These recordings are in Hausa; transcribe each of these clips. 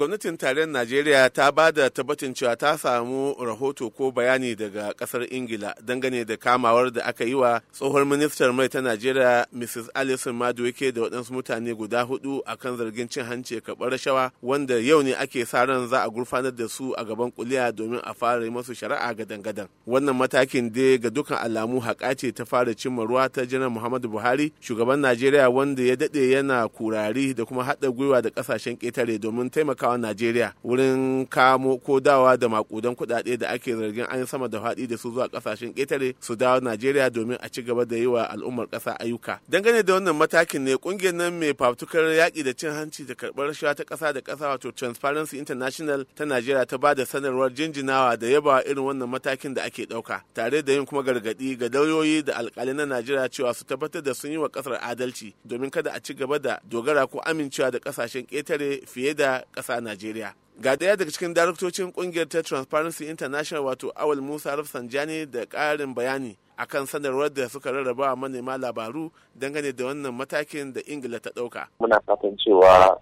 gwamnatin tarayyar najeriya ta ba da tabbatin cewa ta samu rahoto ko bayani daga kasar ingila dangane da kamawar da aka yi wa tsohon ministar mai ta najeriya mrs alison maduweke da waɗansu mutane guda hudu akan zargin cin hanci karɓar rashawa wanda yau ne ake sa ran za a gurfanar da su a gaban kuliya domin a fara yi masu shari'a ga gadan wannan matakin dai ga dukkan alamu haƙa ce ta fara cimma ruwa ta janar muhammadu buhari shugaban najeriya wanda ya daɗe yana kurari da kuma haɗa gwiwa da ƙasashen ƙetare domin taimakawa talakawan najeriya wurin kamo ko dawa da makudan kuɗaɗe da ake zargin an sama da faɗi da su zuwa ƙasashen ƙetare su dawo najeriya domin a ci gaba da yi wa al'ummar ƙasa ayyuka dangane da wannan matakin ne ƙungiyar nan mai fafutukar yaƙi da cin hanci da karɓar rashawa ta ƙasa da ƙasa wato transparency international ta najeriya ta ba da sanarwar jinjinawa da yaba irin wannan matakin da ake ɗauka tare da yin kuma gargaɗi ga lauyoyi da alƙalai na najeriya cewa su tabbatar da sun yi wa ƙasar adalci domin kada a ci gaba da dogara ko amincewa da ƙasashen ƙetare fiye da ƙasa a Najeriya. Ga daya daga cikin daraktocin kungiyar ta Transparency International wato Awal Musa Rafsanjani da ƙarin bayani akan sanarwar da suka rarraba manema labaru dangane da wannan matakin da Ingila ta ɗauka. Muna fatan cewa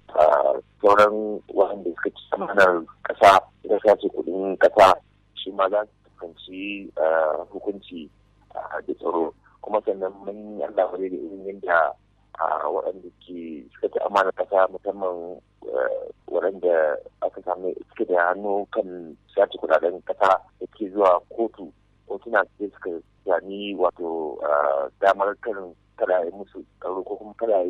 sauran wanda suka ci samanar ƙasa da sace kuɗin kasa shi ma za su fuskanci hukunci da tsaro kuma sannan mun yi Allah da irin yadda a waɗanda ke suka ta amana kasa musamman eh, waɗanda aka samu suke da hannu kan sace kudaden kasa da ke zuwa kotu kotuna suke suka sami wato damar karin kada musu karo ko kuma kada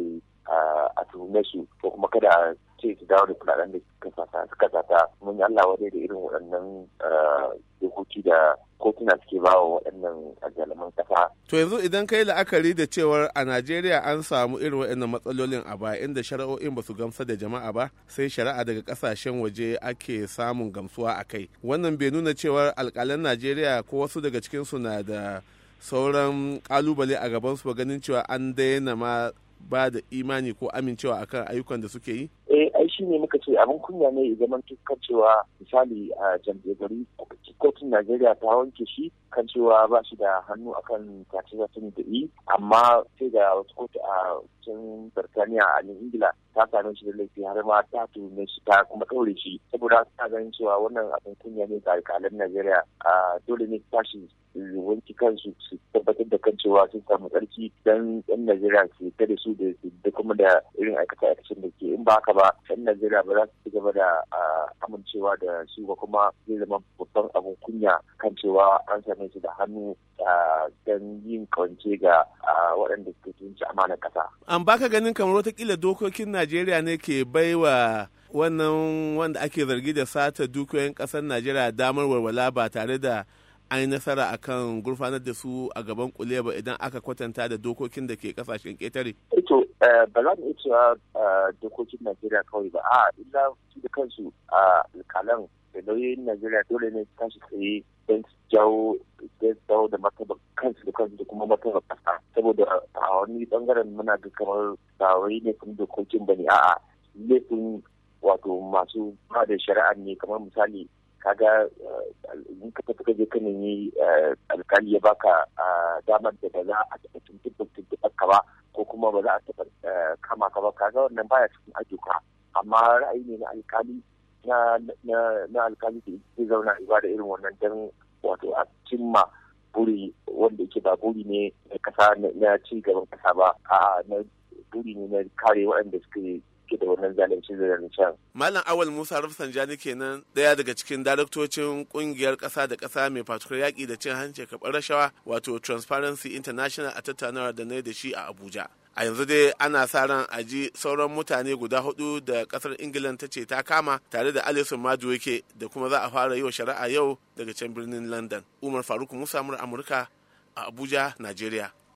a tuhume su ko kuma kada ce ki dawo da kuɗaɗen da kasata suka sata mun yi Allah wadai da irin waɗannan eh, dokoki da kotuna suke ba wa waɗannan aljalaman kasa. To yanzu idan ka yi la'akari da cewar a Najeriya an samu irin waɗannan matsalolin a ba inda shari'o'in ba su gamsa da jama'a ba sai shari'a daga kasashen waje ake samun gamsuwa a kai. Wannan bai nuna cewar alƙalan Najeriya ko wasu daga cikinsu na da sauran kalubale a gaban su ba ganin cewa an daina ma ba da imani ko amincewa akan ayyukan da suke yi? Eh ai shi ne muka ce abin kunya ne ya man kan cewa misali a jambe gari kotun najeriya ta wanke shi kan cewa ba shi da hannu akan tace zafin da yi amma sai da wasu kotu a cikin birtaniya a new ingila ta same shi da laifi har ma ta tume shi ta kuma ɗaure shi saboda ta ganin cewa wannan abin kunya ne ga alƙalan najeriya a dole ne ta shi wanki kansu su tabbatar da kan cewa sun samu tsarki don yan najeriya su ta da su da kuma da irin aikata aikacen da ke in ba haka ba 'yan Najeriya ba za su ci gaba da amincewa da shi ba kuma zai zama babban abin kunya kan cewa an same su da hannu don yin kawance ga waɗanda suke tunci amanar ƙasa. An baka ganin kamar watakila dokokin Najeriya ne ke baiwa wannan wanda ake zargi da sata dukiyoyin kasar Najeriya damar walwala ba tare da an yi nasara akan gurfanar da su a gaban kuliya ba idan aka kwatanta da dokokin da ke kasashen ketare. to eh, ba za mu iya cewa eh, dokokin najeriya kawai ba a illa su da kansu a ah, alkalan da lauyoyin najeriya dole ne tashi tsaye don jawo jawo da martaba kansu da kansu da kuma martaba kasa saboda a wani bangaren muna ga kamar ba wai ne kuma dokokin ba ne a laifin wato masu ba da shari'a ne kamar misali kaga eh, in ka tafi kaje ka yi alkali ya baka ah, damar da ba za a tuntuɓa ka ba ko kuma ba za a taɓa eh, kama ka ba kaga wannan baya cikin ayyuka amma ra'ayi ne na alkali na alkali da zai zauna ba da irin wannan don wato a cimma buri wanda yake ba buri ne na na ci gaban kasa ba a na buri ne na kare waɗanda suke ke da wannan zalunci Malam Awal Musa Rafsanjani kenan daya daga cikin daraktocin ƙungiyar ƙasa da ƙasa mai fatukar yaƙi da cin hanci kaɓar rashawa wato Transparency International a tattaunawar da na da shi a Abuja. a yanzu dai ana sa ran a ji sauran mutane guda hudu da kasar ingilan ta ce ta kama tare da alison maduweke da kuma za a fara yi wa shari'a yau daga can birnin london umar faruk musa mura amurka a abuja nigeria